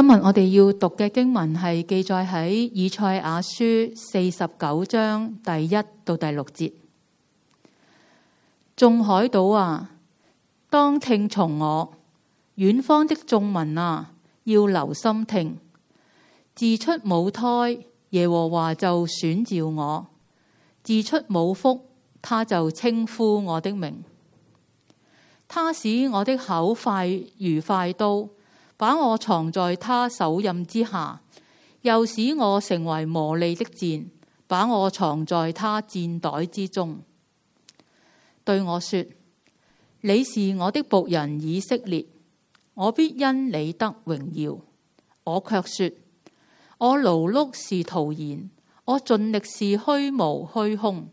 今日我哋要讀嘅經文係記載喺以賽亞書四十九章第一到第六節。眾海島啊，當聽從我；遠方的眾民啊，要留心聽。自出母胎，耶和華就選召我；自出母腹，他就稱呼我的名。他使我的口快如快刀。把我藏在他手印之下，又使我成為磨利的箭，把我藏在他箭袋之中。對我說：你是我的僕人以色列，我必因你得榮耀。我卻說：我勞碌是徒然，我盡力是虛無虛空。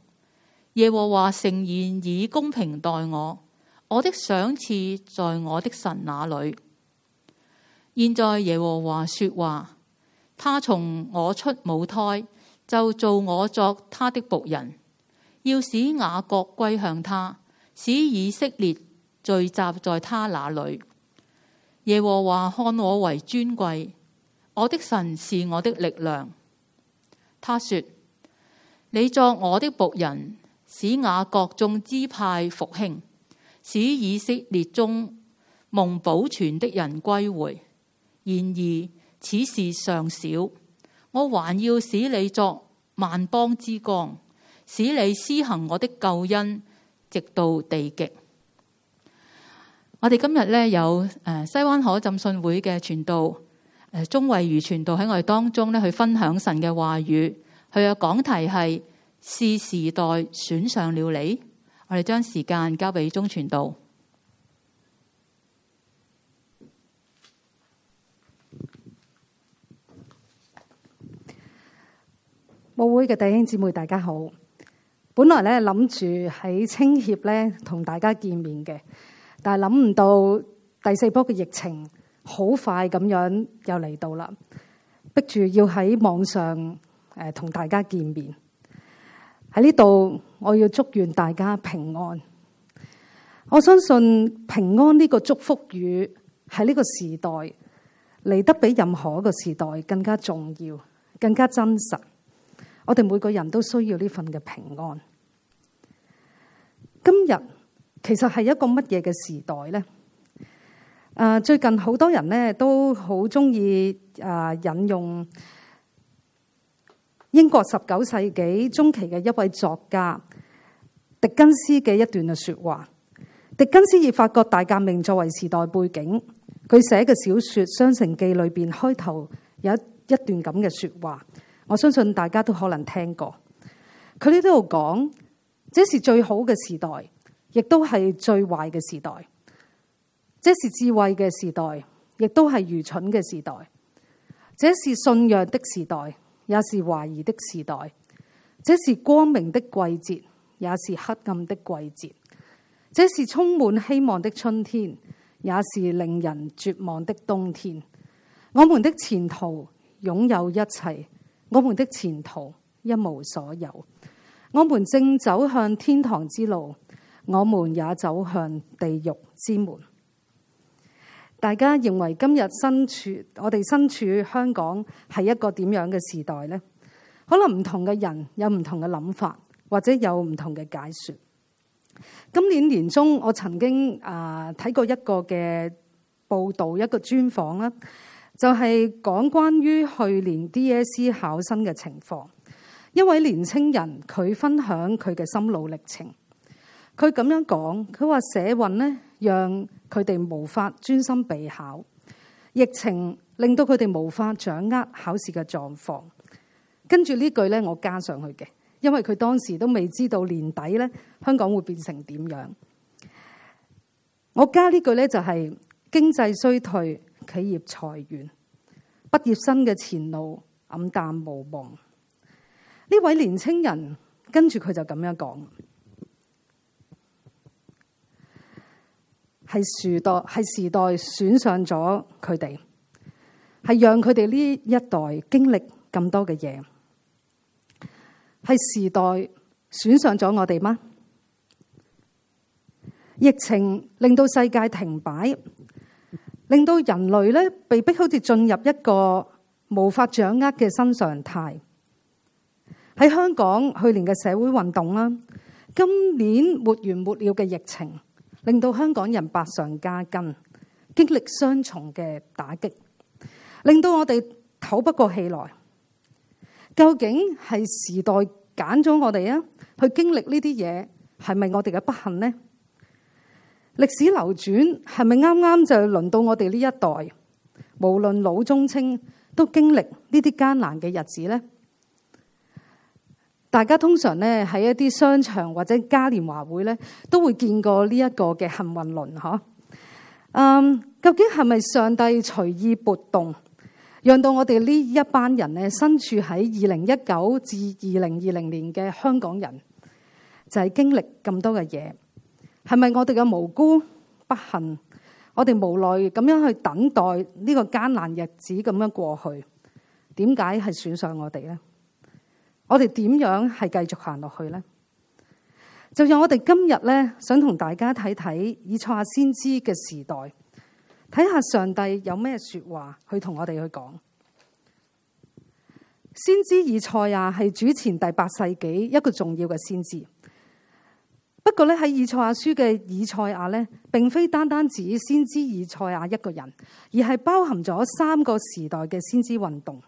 耶和華誠然以公平待我，我的賞賜在我的神那裏。現在耶和華說話，他從我出母胎就做我作他的僕人，要使雅各歸向他，使以色列聚集在他那裡。耶和華看我為尊貴，我的神是我的力量。他說：你作我的僕人，使雅各眾支派復興，使以色列中蒙保存的人歸回。然而此事尚小，我還要使你作萬邦之光，使你施行我的救恩，直到地極。我哋今日有西灣河浸信會嘅傳道中鍾慧如傳道喺我哋當中去分享神嘅話語，佢嘅講題係是時代選上了你。我哋將時間交俾鍾傳道。舞會嘅弟兄姊妹，大家好。本來咧，諗住喺青協呢，同大家見面嘅，但係諗唔到第四波嘅疫情好快咁樣又嚟到喇，逼住要喺網上誒，同大家見面。喺呢度，我要祝願大家平安。我相信平安呢個祝福語喺呢個時代嚟得比任何一個時代更加重要，更加真實。我哋每個人都需要呢份嘅平安。今日其實係一個乜嘢嘅時代咧？啊，最近好多人咧都好中意啊引用英國十九世紀中期嘅一位作家狄更斯嘅一段嘅説話。狄更斯以法國大革命作為時代背景，佢寫嘅小説《雙城記》裏邊開頭有一一段咁嘅説話。我相信大家都可能聽過，佢呢度講，這是最好嘅時代，亦都係最壞嘅時代；這是智慧嘅時代，亦都係愚蠢嘅時代；這是信仰的時代，也是懷疑的時代；這是光明的季節，也是黑暗的季節；這是充滿希望的春天，也是令人絕望的冬天。我們的前途擁有一切。我們的前途一無所有，我們正走向天堂之路，我們也走向地獄之門。大家認為今日身處我哋身處香港係一個點樣嘅時代呢？可能唔同嘅人有唔同嘅諗法，或者有唔同嘅解說。今年年中我曾經啊呃、睇過一個嘅報道，一個專訪啦。就係講關於去年 DSE 考生嘅情況，一位年輕人佢分享佢嘅心路歷程。佢咁樣講，佢話社運呢讓佢哋無法專心備考；疫情令到佢哋無法掌握考試嘅狀況。跟住呢句呢，我加上去嘅，因為佢當時都未知道年底呢香港會變成點樣。我加呢句呢，就係經濟衰退。企業裁員，畢業生嘅前路黯淡無望。呢位年青人跟住佢就咁樣講：係時代，係時代選上咗佢哋，係讓佢哋呢一代經歷咁多嘅嘢，係時代選上咗我哋嗎？疫情令到世界停擺。令到人類咧，被逼好似進入一個無法掌握嘅新常態。喺香港，去年嘅社會運動啦，今年沒完沒了嘅疫情，令到香港人百上加斤，經歷雙重嘅打擊，令到我哋唞不過氣來。究竟係時代揀咗我哋啊，去經歷呢啲嘢，係咪我哋嘅不幸呢？歷史流轉係咪啱啱就輪到我哋呢一代？無論老中青都經歷呢啲艱難嘅日子咧。大家通常咧，喺一啲商場或者嘉年華會咧，都會見過呢一個嘅幸運輪，吓。嗯，究竟係咪上帝隨意撥動，讓到我哋呢一班人咧，身處喺二零一九至二零二零年嘅香港人，就係經歷咁多嘅嘢？係咪我哋嘅無辜不幸？我哋無奈咁樣去等待呢個艱難日子咁樣過去？點解係選上我哋呢？我哋點樣係繼續行落去呢？就讓我哋今日呢，想同大家睇睇以賽亞先知嘅時代，睇下上帝有咩說話去同我哋去講。先知以賽亞係主前第八世紀一個重要嘅先知。不過咧，喺以賽亞書嘅以賽亞咧，並非單單指先知以賽亞一個人，而係包含咗三個時代嘅先知運動。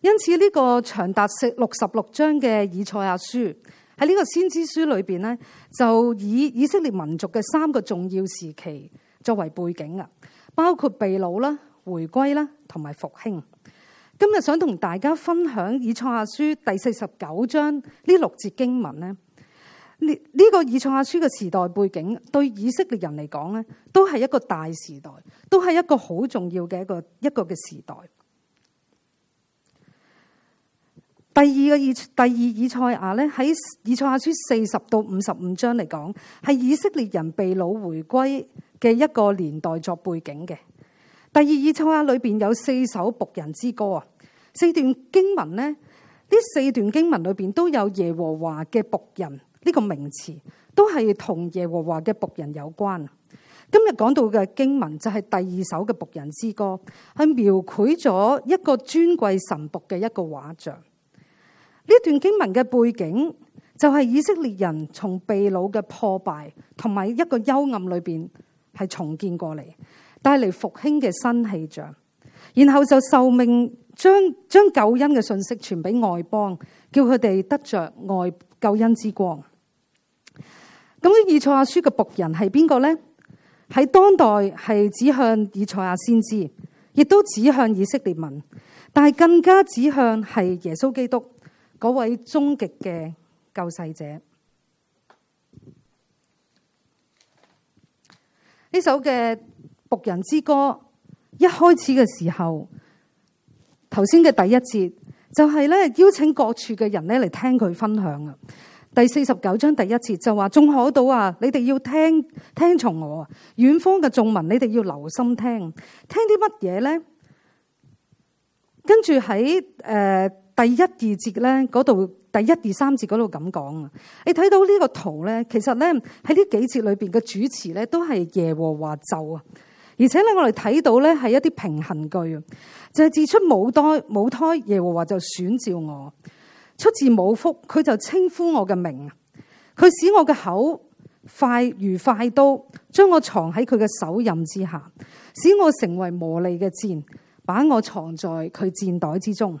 因此呢個長達六十六章嘅以賽亞書喺呢個先知書裏邊咧，就以以色列民族嘅三個重要時期作為背景啊，包括被擄啦、回歸啦同埋復興。今日想同大家分享以賽亞書第四十九章呢六節經文呢，呢個以賽亞書嘅時代背景對以色列人嚟講呢都係一個大時代，都係一個好重要嘅一個一個嘅時代。第二個以第二以賽亞呢喺以賽亞書四十到五十五章嚟講，係以色列人被擄回歸嘅一個年代作背景嘅。第二以賽亞裏邊有四首僕人之歌啊。四段經文呢，呢四段經文裏邊都有耶和華嘅僕人呢、呢個名詞，都係同耶和華嘅僕人有關。今日講到嘅經文就係第二首嘅僕人之歌，係描繪咗一個尊貴神僕嘅一個畫像。呢段經文嘅背景就係以色列人從被擄嘅破敗同埋一個幽暗裏邊係重建過嚟，帶嚟復興嘅新氣象。然後就受命將將救恩嘅信息傳俾外邦，叫佢哋得着愛救恩之光。咁以賽亞書嘅僕人係邊個呢？喺當代係指向以賽亞先知，亦都指向以色列民，但係更加指向係耶穌基督嗰位終極嘅救世者。呢首嘅僕人之歌。一開始嘅時候，頭先嘅第一節就係咧邀請各處嘅人咧嚟聽佢分享啊。第四十九章第一節就話眾海島啊，你哋要聽聽從我啊。遠方嘅眾民，你哋要留心聽，聽啲乜嘢咧？跟住喺誒第一二節咧嗰度，第一二三節嗰度咁講啊。你睇到呢個圖咧，其實咧喺呢幾節裏邊嘅主詞咧都係耶和華咒啊。而且咧，我哋睇到咧，係一啲平衡句，就係自出母胎，母胎耶和華就選召我，出自母腹」，佢就稱呼我嘅名，佢使我嘅口快如快刀，將我藏喺佢嘅手蔭之下，使我成為磨利嘅箭，把我藏在佢箭袋之中。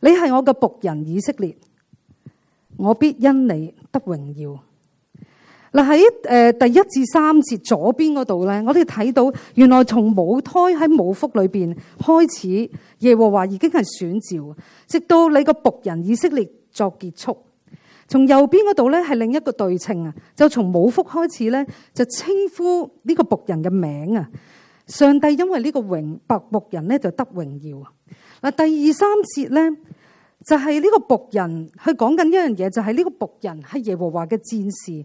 你係我嘅僕人以色列，我必因你得榮耀。嗱，喺誒第一至三節左邊嗰度咧，我哋睇到原來從母胎喺母腹裏面開始，耶和華已經係選召，直到你個僕人以色列作結束。從右邊嗰度咧係另一個對稱啊，就從母腹開始咧就稱呼呢個僕人嘅名啊，上帝因為呢個榮伯僕人咧就得榮耀啊。嗱，第二三節咧。就係呢個僕人，佢講緊一樣嘢，就係、是、呢個僕人係耶和華嘅戰士，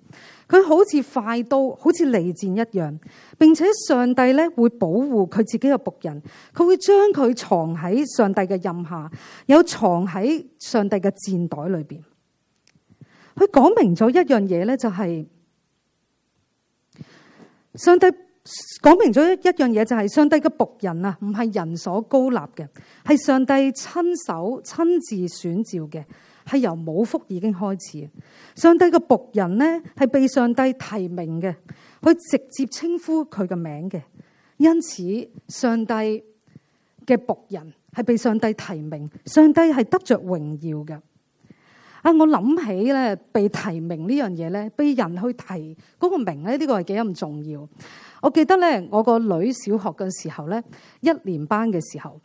佢好似快刀，好似利箭一樣，並且上帝咧會保護佢自己嘅僕人，佢會將佢藏喺上帝嘅蔭下，有藏喺上帝嘅箭袋裏邊。佢講明咗一樣嘢咧，就係、是、上帝。講明咗一一樣嘢，就係上帝嘅僕人啊，唔係人所高立嘅，係上帝親手親自選召嘅，係由母腹已經開始。上帝嘅僕人呢，係被上帝提名嘅，佢直接稱呼佢嘅名嘅，因此上帝嘅僕人係被上帝提名，上帝係得着榮耀嘅。啊，我諗起咧，被提名呢樣嘢咧，被人去提嗰個名咧，呢個係幾咁重要。我記得咧，我個女小學嘅時候咧，一年班嘅時候，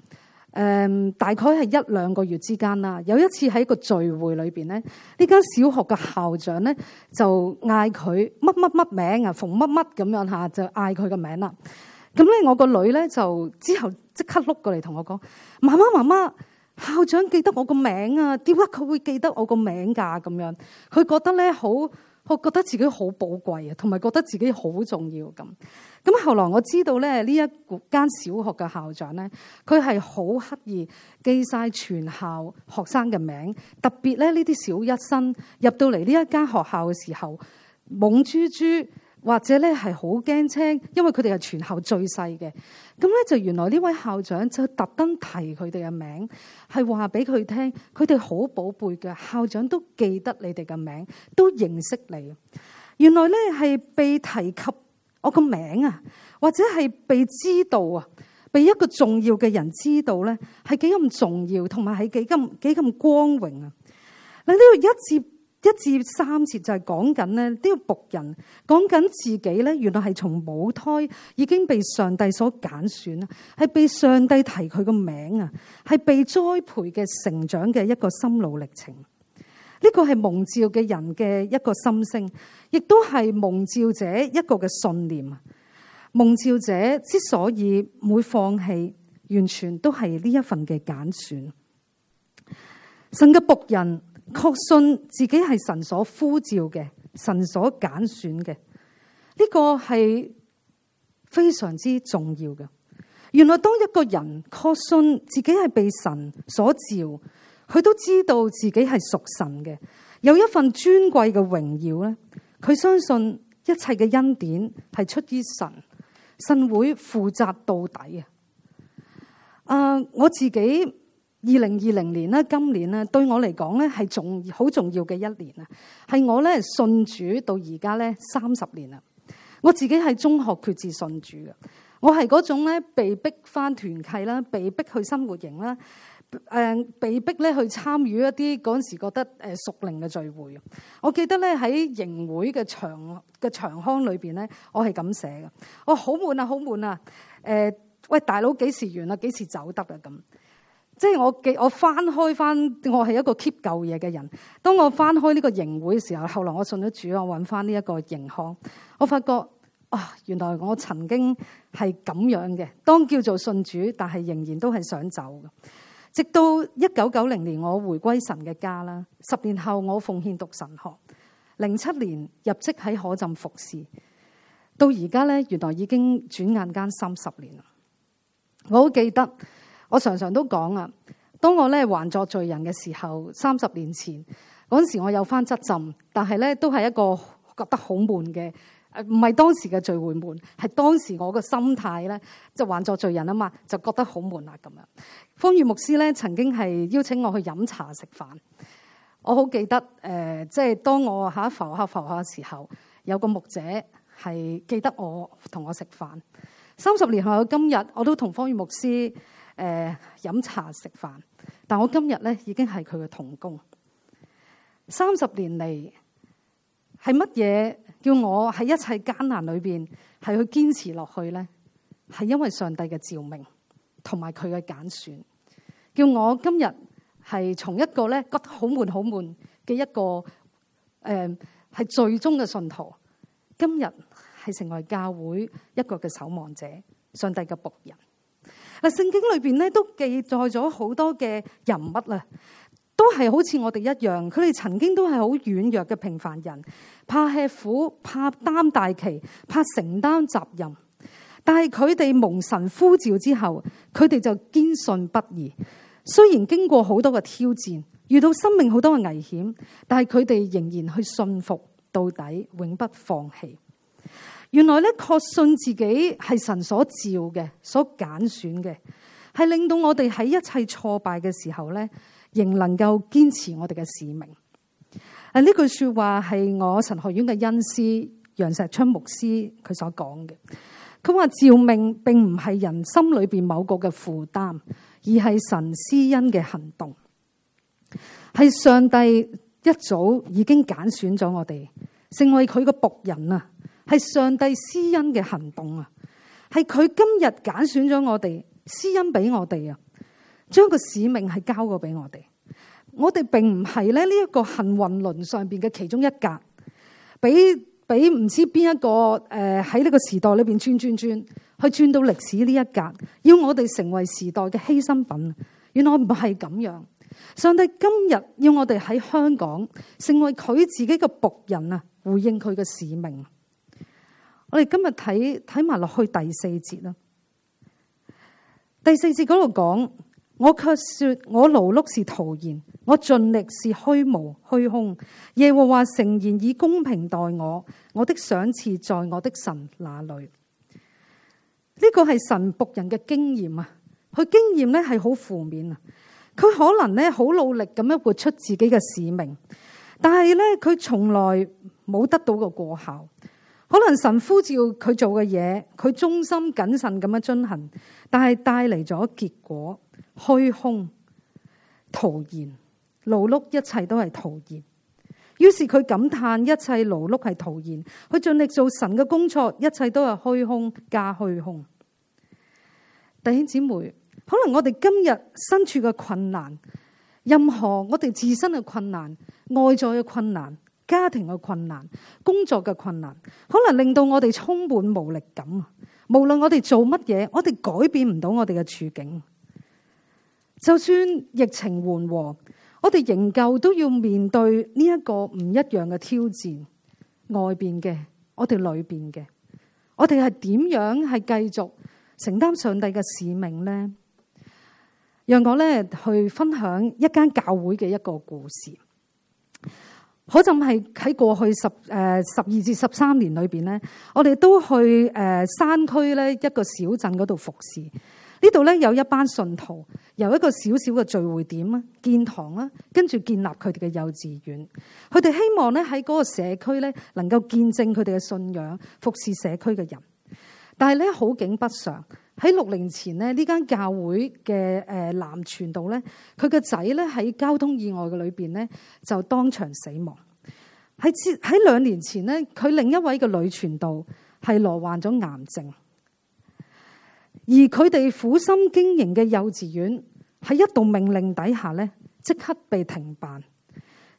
誒大概係一兩個月之間啦。有一次喺個聚會裏面，咧，呢間小學嘅校長咧就嗌佢乜乜乜名啊，馮乜乜咁樣嚇，就嗌佢個名啦。咁咧，我個女咧就之後即刻碌過嚟同我講：媽媽媽媽，校長記得我個名啊！點解佢會記得我個名㗎？咁樣佢覺得咧好。我覺得自己好寶貴啊，同埋覺得自己好重要咁。咁後來我知道咧，呢一間小學嘅校長咧，佢係好刻意記晒全校學生嘅名，特別咧呢啲小一新入到嚟呢一間學校嘅時候，懵豬豬。或者咧係好驚青，因為佢哋係全校最細嘅。咁咧就原來呢位校長就特登提佢哋嘅名，係話俾佢聽，佢哋好寶貝嘅，校長都記得你哋嘅名，都認識你。原來咧係被提及我個名啊，或者係被知道啊，被一個重要嘅人知道咧，係幾咁重要，同埋係幾咁幾咁光榮啊！令到一次。一至三節就係講緊咧呢個僕人講緊自己呢，原來係從母胎已經被上帝所揀選啊，係被上帝提佢個名啊，係被栽培嘅成長嘅一個心路歷程。呢、這個係蒙召嘅人嘅一個心聲，亦都係蒙召者一個嘅信念啊。蒙召者之所以唔會放棄，完全都係呢一份嘅揀選。神嘅僕人。確信自己係神所呼召嘅，神所揀選嘅，呢個係非常之重要嘅。原來當一個人確信自己係被神所召，佢都知道自己係屬神嘅，有一份尊貴嘅榮耀呢，佢相信一切嘅恩典係出於神，神會負責到底啊、呃，我自己。二零二零年咧，今年咧，對我嚟講咧，係仲好重要嘅一年啊！係我咧信主到而家咧三十年啦。我自己係中學決志信主嘅，我係嗰種咧被逼翻團契啦，被逼去生活營啦，誒被逼咧去參與一啲嗰陣時覺得誒熟齡嘅聚會。我記得咧喺營會嘅場嘅場刊裏邊咧，我係咁寫嘅：我好悶啊，好悶啊！誒，喂大佬幾時完啊？幾時走得啊？咁。即係我記，我翻開翻，我係一個 keep 舊嘢嘅人。當我翻開呢個營會嘅時候，後來我信咗主，我揾翻呢一個營刊，我發覺啊、哦，原來我曾經係咁樣嘅。當叫做信主，但係仍然都係想走嘅。直到一九九零年，我回歸神嘅家啦。十年後，我奉獻讀神學。零七年入職喺可浸服侍。到而家咧，原來已經轉眼間三十年啦。我好記得。我常常都講啊，當我咧還作罪人嘅時候，三十年前嗰陣時，我有翻質浸，但係咧都係一個覺得好悶嘅。誒，唔係當時嘅聚會悶，係當時我個心態咧，就還作罪人啊嘛，就覺得好悶啦咁樣。方月牧師咧曾經係邀請我去飲茶食飯，我好記得誒、呃，即係當我嚇浮下浮下嘅時候，有個牧者係記得我同我食飯。三十年後的今日，我都同方月牧師。誒、飲、呃、茶食飯，但我今日咧已經係佢嘅童工。三十年嚟，係乜嘢叫我喺一切艱難裏邊係去堅持落去咧？係因為上帝嘅照明同埋佢嘅揀選，叫我今日係從一個咧覺得好悶好悶嘅一個誒，係、呃、最終嘅信徒，今日係成為教會一個嘅守望者，上帝嘅僕人。嗱，聖經裏邊都記載咗好多嘅人物啊，都係好似我哋一樣，佢哋曾經都係好軟弱嘅平凡人，怕吃苦，怕擔大旗，怕承擔責任。但係佢哋蒙神呼召之後，佢哋就堅信不疑。雖然經過好多嘅挑戰，遇到生命好多嘅危險，但係佢哋仍然去信服到底，永不放棄。原來咧，確信自己係神所召嘅、所揀選嘅，係令到我哋喺一切挫敗嘅時候咧，仍能夠堅持我哋嘅使命。啊，呢句說話係我神學院嘅恩師楊石春牧師佢所講嘅。佢話，召命並唔係人心裏邊某個嘅負擔，而係神施恩嘅行動，係上帝一早已經揀選咗我哋，成為佢個僕人啊。係上帝施恩嘅行動啊！係佢今日揀選咗我哋，施恩俾我哋啊，將個使命係交過俾我哋。我哋並唔係咧呢一個幸運輪上邊嘅其中一格，俾俾唔知邊一個誒喺呢個時代裏邊轉轉轉，去轉到歷史呢一格，要我哋成為時代嘅犧牲品。原來唔係咁樣，上帝今日要我哋喺香港成為佢自己嘅僕人啊，回應佢嘅使命。我哋今日睇睇埋落去第四節啦。第四節嗰度講，我卻說我勞碌是徒然，我盡力是虛無虛空。耶和華誠然以公平待我，我的賞賜在我的神那裏。呢個係神僕人嘅經驗啊！佢經驗咧係好負面啊！佢可能咧好努力咁樣活出自己嘅使命，但係咧佢從來冇得到個果效。可能神呼召佢做嘅嘢，佢忠心謹慎咁樣進行，但係帶嚟咗結果虛空、徒然、勞碌，一切都係徒然。於是佢感嘆一切勞碌係徒然，佢盡力做神嘅工作，一切都係虛空加虛空。弟兄姊妹，可能我哋今日身處嘅困難，任何我哋自身嘅困難、外在嘅困難。家庭嘅困難、工作嘅困難，可能令到我哋充滿無力感。無論我哋做乜嘢，我哋改變唔到我哋嘅處境。就算疫情緩和，我哋仍舊都要面對呢一個唔一樣嘅挑戰。外邊嘅，我哋裏邊嘅，我哋係點樣係繼續承擔上帝嘅使命呢？讓我咧去分享一間教會嘅一個故事。嗰陣係喺過去十誒十二至十三年裏邊咧，我哋都去誒山區咧一個小鎮嗰度服侍。呢度咧有一班信徒由一個小小嘅聚會點啊，建堂啊，跟住建立佢哋嘅幼稚園。佢哋希望咧喺嗰個社區咧能夠見證佢哋嘅信仰，服侍社區嘅人。但係咧好景不常。喺六年前呢，呢間教會嘅誒男傳道咧，佢個仔咧喺交通意外嘅裏邊咧就當場死亡。喺喺兩年前呢，佢另一位嘅女傳道係罹患咗癌症，而佢哋苦心經營嘅幼稚園喺一度命令底下咧，即刻被停辦。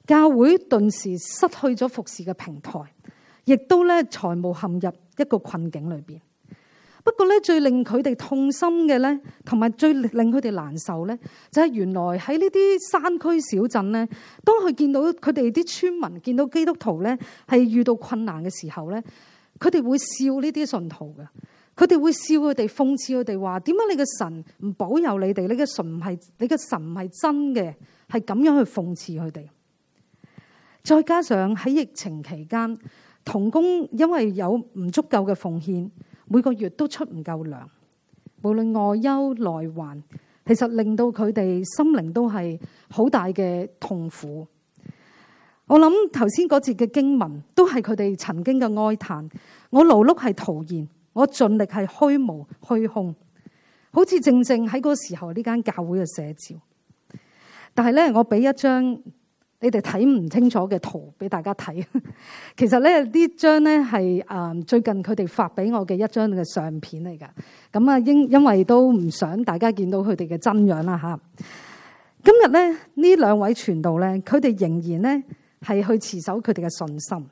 教會頓時失去咗服侍嘅平台，亦都咧財務陷入一個困境裏邊。不過咧，最令佢哋痛心嘅咧，同埋最令佢哋難受咧，就係原來喺呢啲山區小鎮咧，當佢見到佢哋啲村民見到基督徒咧係遇到困難嘅時候咧，佢哋會笑呢啲信徒嘅，佢哋會笑佢哋，諷刺佢哋話：點解你嘅神唔保佑你哋？你嘅神唔係，你嘅神唔係真嘅，係咁樣去諷刺佢哋。再加上喺疫情期間，童工因為有唔足夠嘅奉獻。每個月都出唔夠糧，無論外憂內患，其實令到佢哋心靈都係好大嘅痛苦。我諗頭先嗰節嘅經文都係佢哋曾經嘅哀嘆。我勞碌係徒然，我盡力係虛無虛空，好似正正喺嗰個時候呢間教會嘅寫照。但係呢，我畀一張，你哋睇唔清楚嘅圖俾大家睇，其實咧呢張咧係誒最近佢哋發俾我嘅一張嘅相片嚟㗎。咁啊因因為都唔想大家見到佢哋嘅真樣啦吓。今日咧呢兩位傳道咧，佢哋仍然咧係去持守佢哋嘅信心，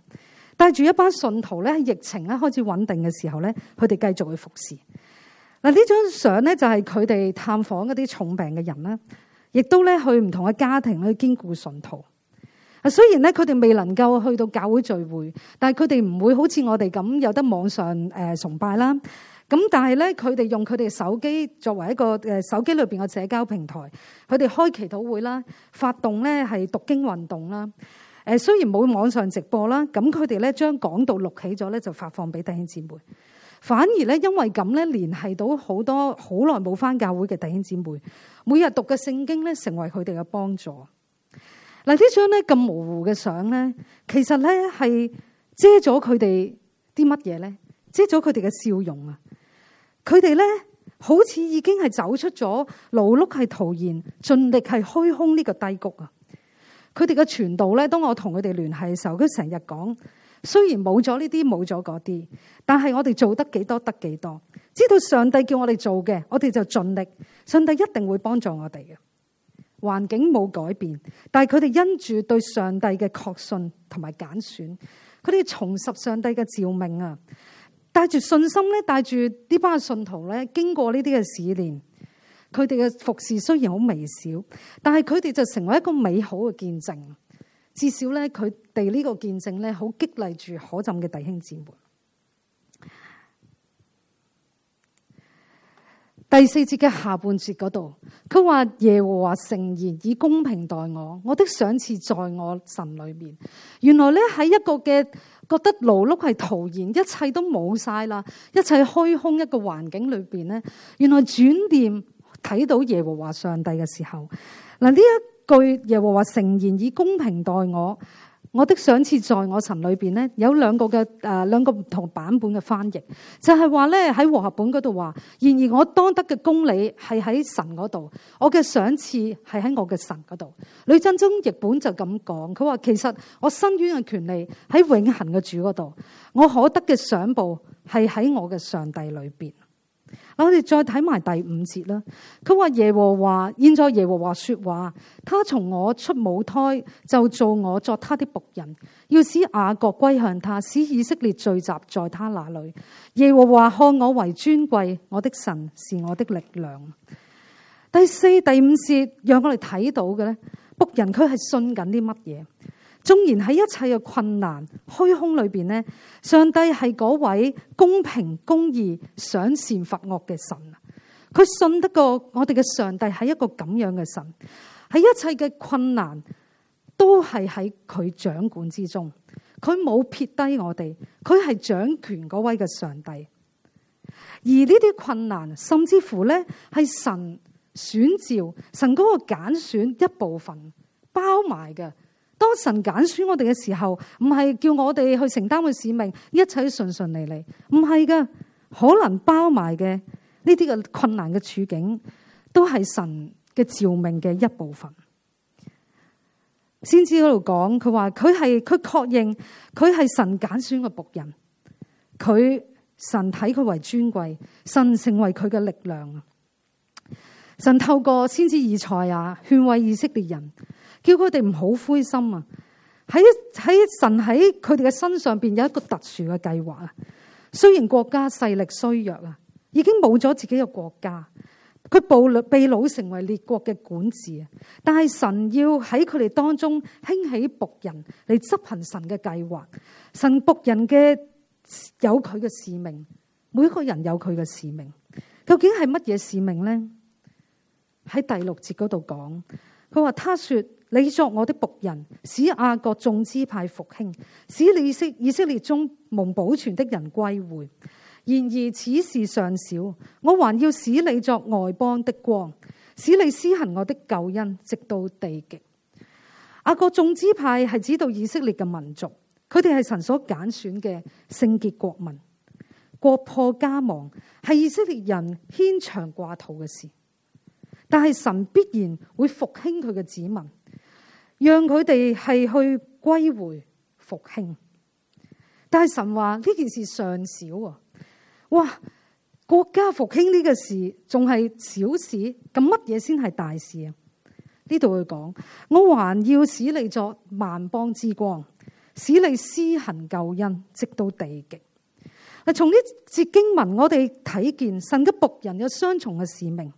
帶住一班信徒咧，疫情咧開始穩定嘅時候咧，佢哋繼續去服侍。嗱呢張相咧就係佢哋探訪一啲重病嘅人啦，亦都咧去唔同嘅家庭去兼顧信徒。雖然咧佢哋未能夠去到教會聚會，但佢哋唔會好似我哋咁有得網上崇拜啦。咁但係咧，佢哋用佢哋手機作為一個手機裏面嘅社交平台，佢哋開祈禱會啦，發動咧係讀經運動啦。誒雖然冇網上直播啦，咁佢哋咧將講道錄起咗咧，就發放俾弟兄姊妹。反而咧，因為咁咧，聯繫到好多好耐冇返教會嘅弟兄姊妹，每日讀嘅聖經咧，成為佢哋嘅幫助。嗱呢張咧咁模糊嘅相咧，其實咧係遮咗佢哋啲乜嘢咧？遮咗佢哋嘅笑容啊！佢哋咧好似已經係走出咗，勞碌係徒然，盡力係虛空呢個低谷啊！佢哋嘅傳道咧，當我同佢哋聯繫嘅時候，佢成日講：雖然冇咗呢啲冇咗嗰啲，但係我哋做得幾多得幾多？知道上帝叫我哋做嘅，我哋就盡力，上帝一定會幫助我哋嘅。環境冇改變，但係佢哋因住對上帝嘅確信同埋揀選，佢哋重拾上帝嘅召命啊！帶住信心咧，帶住呢班信徒咧，經過呢啲嘅試煉，佢哋嘅服侍雖然好微小，但係佢哋就成為一個美好嘅見證。至少咧，佢哋呢個見證咧，好激勵住可浸嘅弟兄姊妹。第四節嘅下半節嗰度，佢話耶和華誠然以公平待我，我的賞賜在我神裏面。原來呢，喺一個嘅覺得勞碌係徒然，一切都冇晒啦，一切虛空一個環境裏邊呢，原來轉念睇到耶和華上帝嘅時候，嗱呢一句耶和華誠然以公平待我。我的賞賜在我神裏邊呢，有兩個嘅誒兩個唔同版本嘅翻譯，就係話咧喺和合本嗰度話，然而我當得嘅公理係喺神嗰度，我嘅賞賜係喺我嘅神嗰度。呂振中譯本就咁講，佢話其實我申冤嘅權利喺永恆嘅主嗰度，我可得嘅賞報係喺我嘅上帝裏邊。我哋再睇埋第五節啦。佢話耶和華，現在耶和華說話，他從我出母胎就做我作他的僕人，要使雅各歸向他，使以色列聚集在他那裏。耶和華看我為尊貴，我的神是我的力量。第四、第五節讓我哋睇到嘅咧，僕人佢係信緊啲乜嘢？縱然喺一切嘅困難虛空裏邊咧，上帝係嗰位，公平公義、賞善罰惡嘅神，佢信得過我哋嘅上帝係一個咁樣嘅神，喺一切嘅困難都係喺佢掌管之中，佢冇撇低我哋，佢係掌權嗰位嘅上帝。而呢啲困難，甚至乎咧係神選召，神嗰個揀選一部分包埋嘅。當神揀選我哋嘅時候，唔係叫我哋去承擔個使命，一切順順利利，唔係噶，可能包埋嘅呢啲嘅困難嘅處境，都係神嘅召命嘅一部分。先知嗰度講，佢話佢係佢確認，佢係神揀選嘅僕人，佢神睇佢為尊貴，神成為佢嘅力量啊！神透過先知以賽亞勸慰以色列人。叫佢哋唔好灰心啊！喺，喺神喺佢哋嘅身上邊有一個特殊嘅計劃啊！雖然國家勢力衰弱啊，已經冇咗自己嘅國家，佢被擄成為列國嘅管治啊！但係神要喺佢哋當中興起僕人嚟執行神嘅計劃神僕人嘅有佢嘅使命，每一個人有佢嘅使命。究竟係乜嘢使命呢？喺第六節嗰度講，佢話他說。你作我的僕人，使雅各眾支派復興，使以色以色列中蒙保存的人歸回。然而此事尚小，我還要使你作外邦的光，使你施行我的救恩，直到地極。雅各眾支派係指到以色列嘅民族，佢哋係神所揀選嘅聖潔國民。國破家亡係以色列人牽腸掛肚嘅事，但係神必然會復興佢嘅子民。讓佢哋係去歸回復興，但係神話呢件事尚小啊！哇，國家復興呢個事仲係小事，咁乜嘢先係大事啊？呢度佢講，我還要使你作萬邦之光，使你施行救恩，直到地極。嗱，從呢節經文我哋睇見神嘅僕人有雙重嘅使命，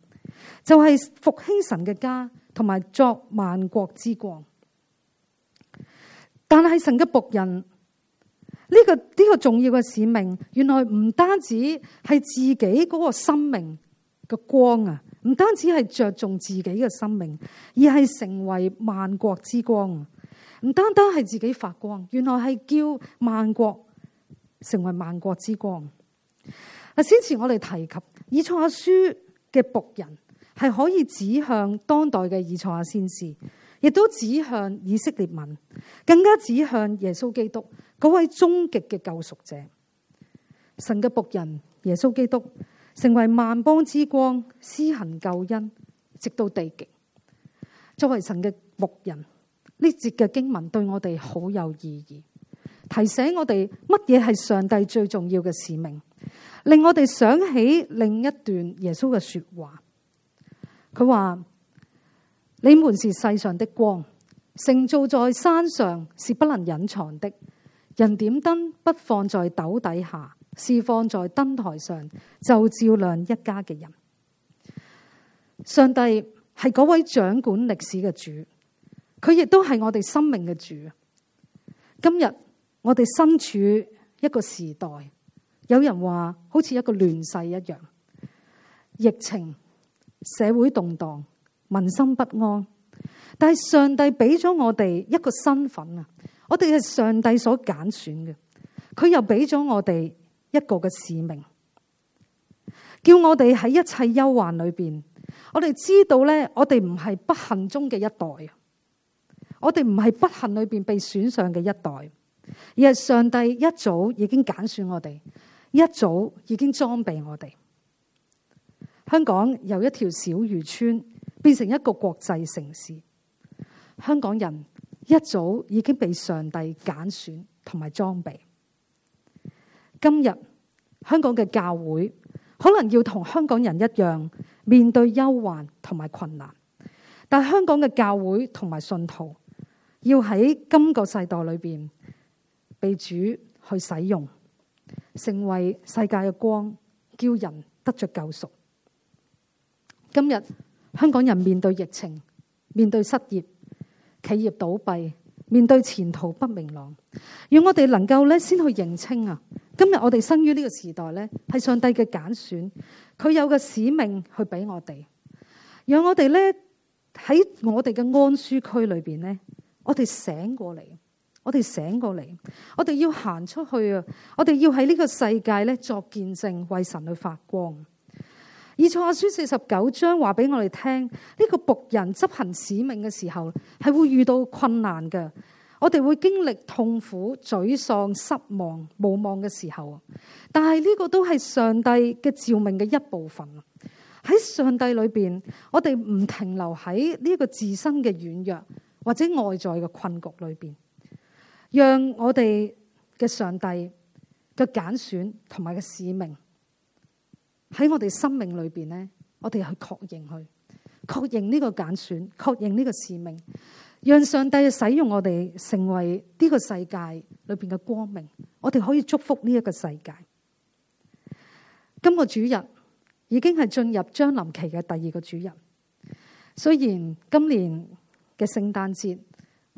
就係、是、復興神嘅家，同埋作萬國之光。但係神嘅僕人呢、這個呢、這個重要嘅使命，原來唔單止係自己嗰個生命嘅光啊，唔單止係着重自己嘅生命，而係成為萬國之光。唔單單係自己發光，原來係叫萬國成為萬國之光。先前我哋提及以賽亞書嘅僕人，係可以指向當代嘅以賽亞先知。亦都指向以色列民，更加指向耶穌基督嗰位終極嘅救贖者，神嘅僕人耶穌基督，成為萬邦之光，施行救恩，直到地極。作為神嘅僕人，呢節嘅經文對我哋好有意義，提醒我哋乜嘢係上帝最重要嘅使命，令我哋想起另一段耶穌嘅說話。佢話：你們是世上的光，城造在山上是不能隱藏的。人點燈，不放在斗底下，是放在燈臺上，就照亮一家嘅人。上帝係嗰位掌管歷史嘅主，佢亦都係我哋生命嘅主。今日我哋身處一個時代，有人話好似一個亂世一樣，疫情、社會動盪。民心不安，但係上帝俾咗我哋一個身份啊！我哋係上帝所揀選嘅，佢又俾咗我哋一個嘅使命，叫我哋喺一切憂患裏邊，我哋知道咧，我哋唔係不幸中嘅一代啊！我哋唔係不幸裏邊被選上嘅一代，而係上帝一早已經揀選我哋，一早已經裝備我哋。香港有一條小漁村。變成一個國際城市，香港人一早已經被上帝揀選同埋裝備。今日香港嘅教會可能要同香港人一樣面對憂患同埋困難，但香港嘅教會同埋信徒要喺今個世代裏邊被主去使用，成為世界嘅光，叫人得着救贖。今日。香港人面對疫情、面對失業、企業倒閉、面對前途不明朗，讓我哋能夠咧先去認清啊！今日我哋生於呢個時代咧，係上帝嘅揀選，佢有個使命去俾我哋，讓我哋咧喺我哋嘅安舒區裏邊咧，我哋醒過嚟，我哋醒過嚟，我哋要行出去啊！我哋要喺呢個世界咧作見證，為神去發光。以賽亞書四十九章話俾我哋聽，呢、這個僕人執行使命嘅時候係會遇到困難嘅，我哋會經歷痛苦、沮喪、失望、無望嘅時候。但係呢個都係上帝嘅召命嘅一部分。喺上帝裏邊，我哋唔停留喺呢個自身嘅軟弱或者外在嘅困局裏邊，讓我哋嘅上帝嘅揀選同埋嘅使命。喺我哋生命裏邊呢，我哋去確認佢，確認呢個揀選，確認呢個使命，讓上帝使用我哋成為呢個世界裏邊嘅光明。我哋可以祝福呢一個世界。今個主日已經係進入將臨期嘅第二個主日。雖然今年嘅聖誕節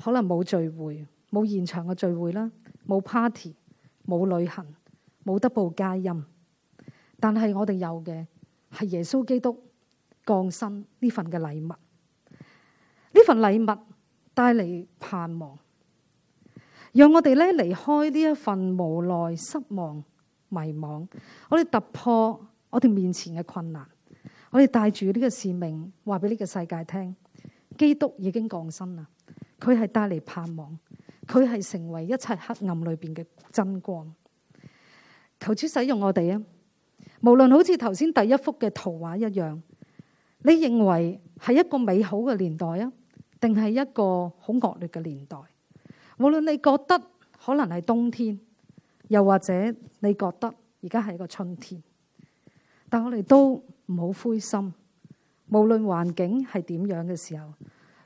可能冇聚會，冇現場嘅聚會啦，冇 party，冇旅行，冇得報佳音。但係我哋有嘅係耶穌基督降生呢份嘅禮物，呢份禮物帶嚟盼望，讓我哋咧離開呢一份無奈、失望、迷惘。我哋突破我哋面前嘅困難，我哋帶住呢個使命，話俾呢個世界聽：基督已經降生啦，佢係帶嚟盼望，佢係成為一切黑暗裏面嘅真光。求主使用我哋啊！無論好似頭先第一幅嘅圖畫一樣，你認為係一個美好嘅年代啊，定係一個好惡劣嘅年代？無論你覺得可能係冬天，又或者你覺得而家係一個春天，但我哋都唔好灰心。無論環境係點樣嘅時候，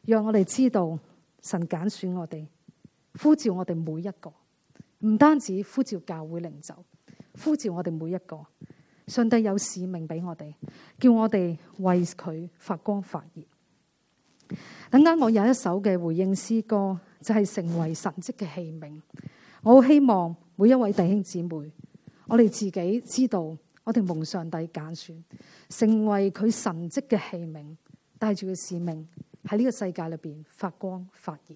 讓我哋知道神揀選我哋，呼召我哋每一個，唔單止呼召教會領袖，呼召我哋每一個。上帝有使命俾我哋，叫我哋為佢發光發熱。等陣我有一首嘅回應詩歌，就係成為神蹟嘅器皿。我好希望每一位弟兄姊妹，我哋自己知道，我哋蒙上帝揀選，成為佢神蹟嘅器皿，帶住佢嘅使命喺呢個世界裏邊發光發熱。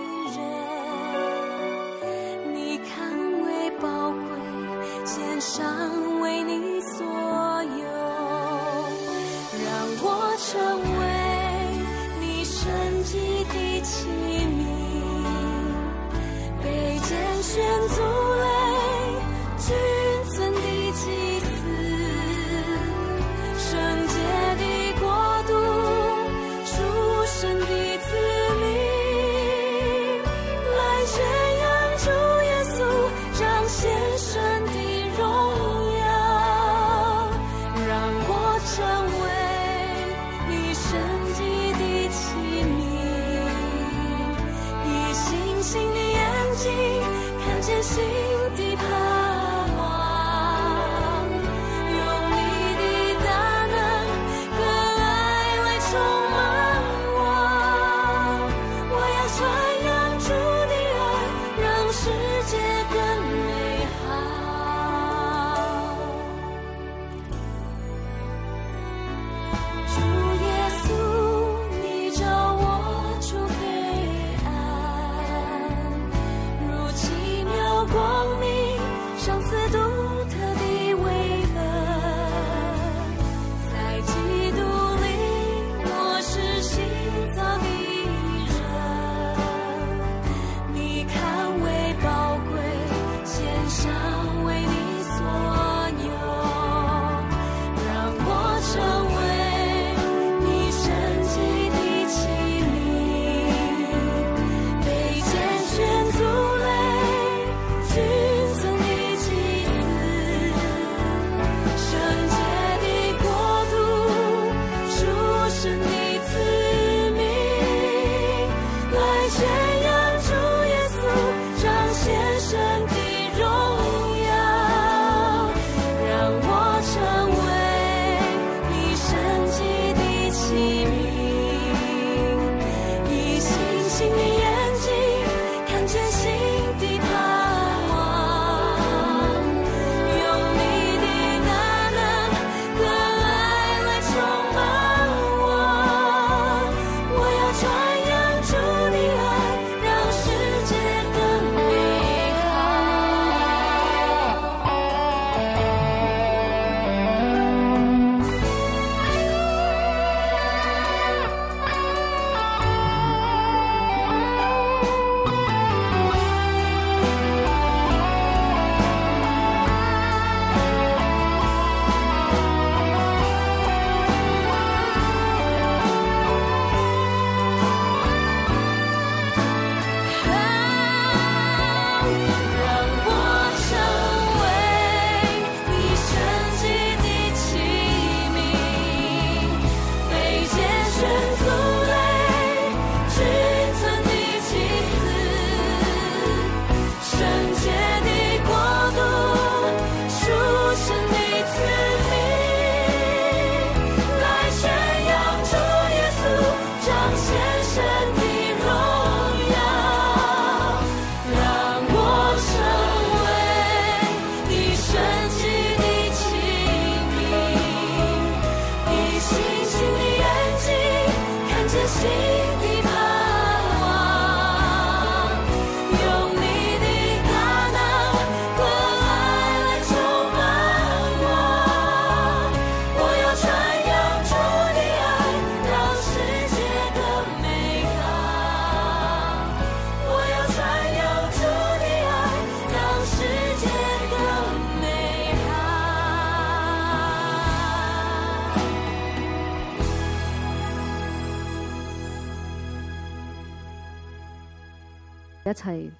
一齊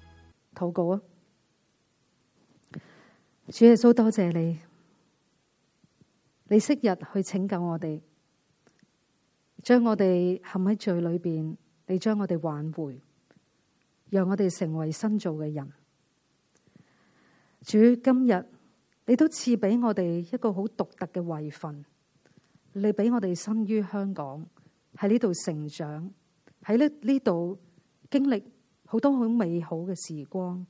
禱告啊！主耶穌，多謝你，你昔日去拯救我哋，將我哋陷喺罪裏邊，你將我哋挽回，讓我哋成為新造嘅人。主，今日你都賜畀我哋一個好獨特嘅位份，你畀我哋生於香港，喺呢度成長，喺呢度經歷。好多好美好嘅時光，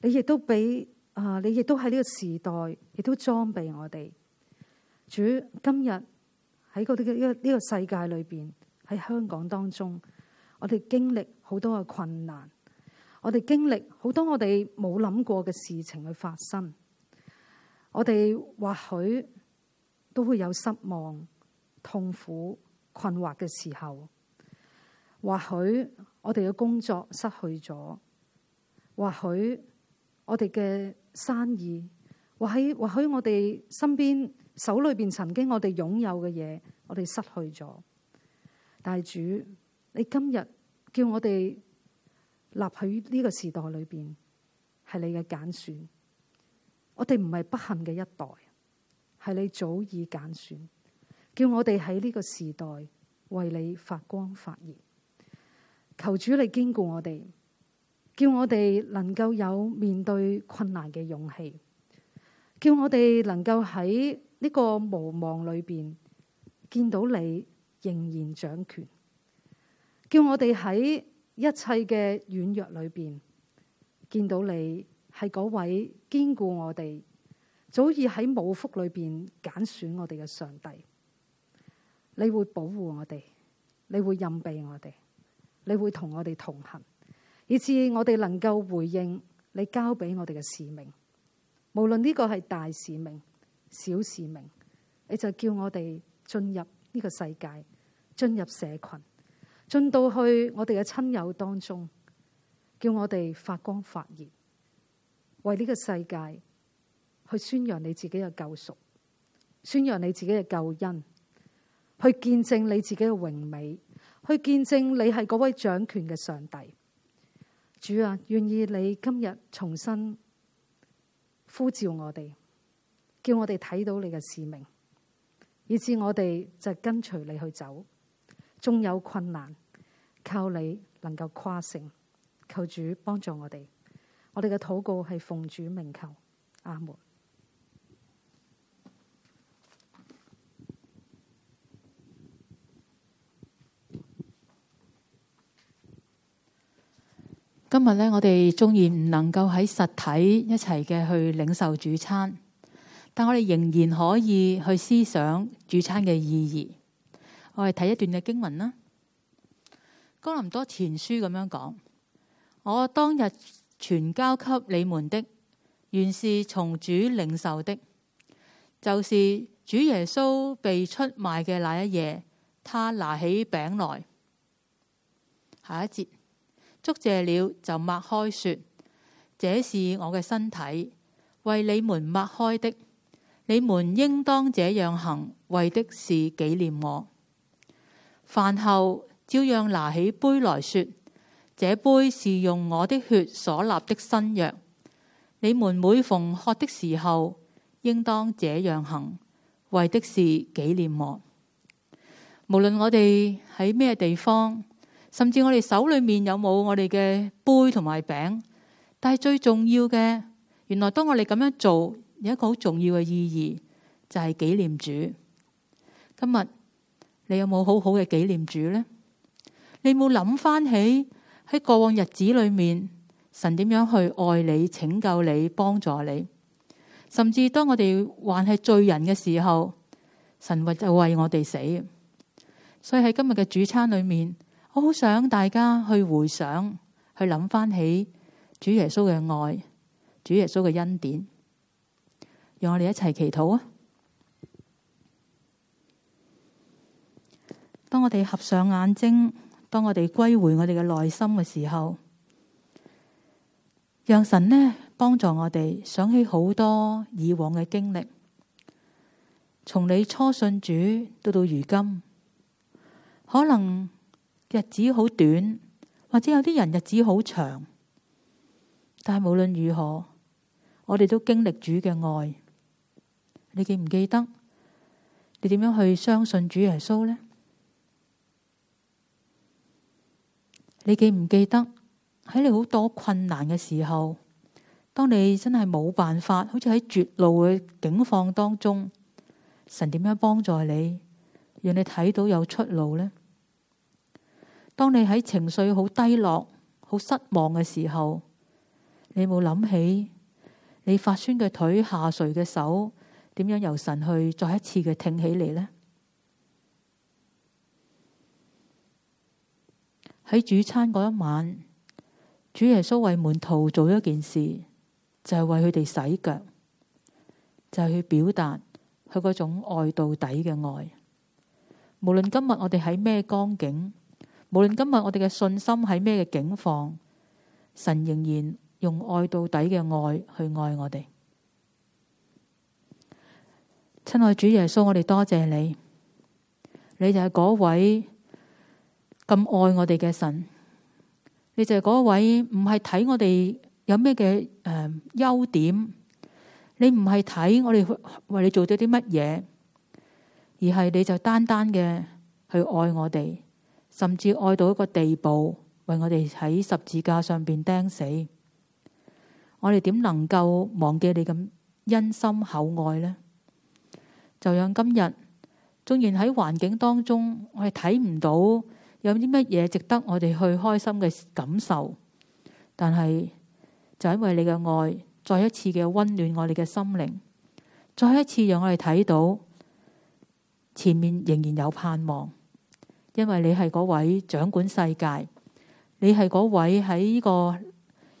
你亦都俾啊，你亦都喺呢個時代，亦都裝備我哋。主，今日喺嗰啲呢個呢個世界裏邊，喺香港當中，我哋經歷好多嘅困難，我哋經歷好多我哋冇諗過嘅事情去發生，我哋或許都會有失望、痛苦、困惑嘅時候。或許我哋嘅工作失去咗，或許我哋嘅生意，或許或許我哋身邊手裏邊曾經我哋擁有嘅嘢，我哋失去咗。大主，你今日叫我哋立喺呢個時代裏邊，係你嘅揀選。我哋唔係不幸嘅一代，係你早已揀選叫我哋喺呢個時代為你發光發熱。求主你堅固我哋，叫我哋能夠有面對困難嘅勇氣，叫我哋能夠喺呢個無望裏邊見到你仍然掌權，叫我哋喺一切嘅軟弱裏邊見到你係嗰位堅固我哋早已喺武福裏邊揀選我哋嘅上帝。你會保護我哋，你會蔭庇我哋。你會同我哋同行，以至我哋能夠回應你交俾我哋嘅使命。無論呢個係大使命、小使命，你就叫我哋進入呢個世界，進入社群，進到去我哋嘅親友當中，叫我哋發光發熱，為呢個世界去宣揚你自己嘅救贖，宣揚你自己嘅救恩，去見證你自己嘅榮美。去見證你係嗰位掌權嘅上帝，主啊，願意你今日重新呼召我哋，叫我哋睇到你嘅使命，以致我哋就跟隨你去走。仲有困難，靠你能夠誇勝，求主幫助我哋。我哋嘅禱告係奉主名求，阿門。今日呢，我哋雖然唔能夠喺實體一齊嘅去領受主餐，但我哋仍然可以去思想主餐嘅意義。我哋睇一段嘅經文啦，《哥林多前書》咁樣講：我當日傳交給你們的，原是從主領受的，就是主耶穌被出賣嘅那一夜，他拿起餅來。下一節。祝謝了，就擘開說，這是我嘅身體，為你們擘開的，你們應當這樣行，為的是紀念我。飯後照樣拿起杯來說，這杯是用我的血所立的新約，你們每逢喝的時候，應當這樣行，為的是紀念我。無論我哋喺咩地方。甚至我哋手裏面有冇我哋嘅杯同埋餅，但係最重要嘅，原來當我哋咁樣做有一個好重要嘅意義，就係紀念主。今日你有冇好好嘅紀念主呢？你有冇諗翻起喺過往日子裏面神點樣去愛你、拯救你、幫助你？甚至當我哋還係罪人嘅時候，神為就為我哋死。所以喺今日嘅主餐裏面。我好想大家去回想，去諗翻起主耶穌嘅愛，主耶穌嘅恩典，讓我哋一齊祈禱啊。當我哋合上眼睛，當我哋歸回我哋嘅內心嘅時候，讓神呢，幫助我哋想起好多以往嘅經歷，從你初信主到到如今，可能，日子好短，或者有啲人日子好長，但係無論如何，我哋都經歷主嘅愛。你記唔記得，你點樣去相信主耶穌呢？你記唔記得喺你好多困難嘅時候，當你真係冇辦法，好似喺絕路嘅境況當中，神點樣幫助你，讓你睇到有出路呢？當你喺情緒好低落、好失望嘅時候，你有冇諗起你發痠嘅腿、下垂嘅手，點樣由神去再一次嘅挺起嚟呢？喺主餐嗰一晚，主耶穌為門徒做咗一件事，就係為佢哋洗腳，就係去表達佢嗰種愛到底嘅愛。無論今日我哋喺咩光景。無論今日我哋嘅信心喺咩嘅境況，神仍然用愛到底嘅愛去愛我哋。親愛主耶穌，我哋多謝，謝你，你就係嗰位咁愛我哋嘅神，你就係嗰位唔係睇我哋有咩嘅誒優點，你唔係睇我哋為你做咗啲乜嘢，而係你就單單嘅去愛我哋。甚至愛到一個地步，為我哋喺十字架上邊釘死，我哋點能夠忘記你咁恩心厚愛呢？就像今日，縱然喺環境當中，我哋睇唔到有啲乜嘢值得我哋去開心嘅感受，但係就因為你嘅愛，再一次嘅溫暖我哋嘅心靈，再一次讓我哋睇到前面仍然有盼望。因為你係嗰位掌管世界，你係嗰位喺呢個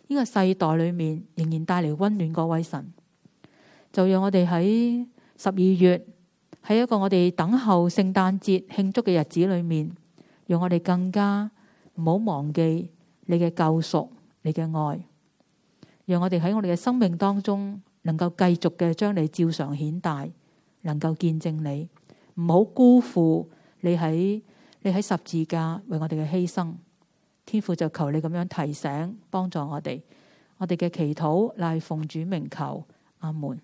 呢個世代裏面仍然帶嚟温暖嗰位神，就讓我哋喺十二月喺一個我哋等候聖誕節慶祝嘅日子裏面，讓我哋更加唔好忘記你嘅救贖，你嘅愛，讓我哋喺我哋嘅生命當中能夠繼續嘅將你照常顯大，能夠見證你，唔好辜負你喺。你喺十字架為我哋嘅犧牲，天父就求你噉樣提醒，幫助我哋，我哋嘅祈禱，乃奉主名求，阿門。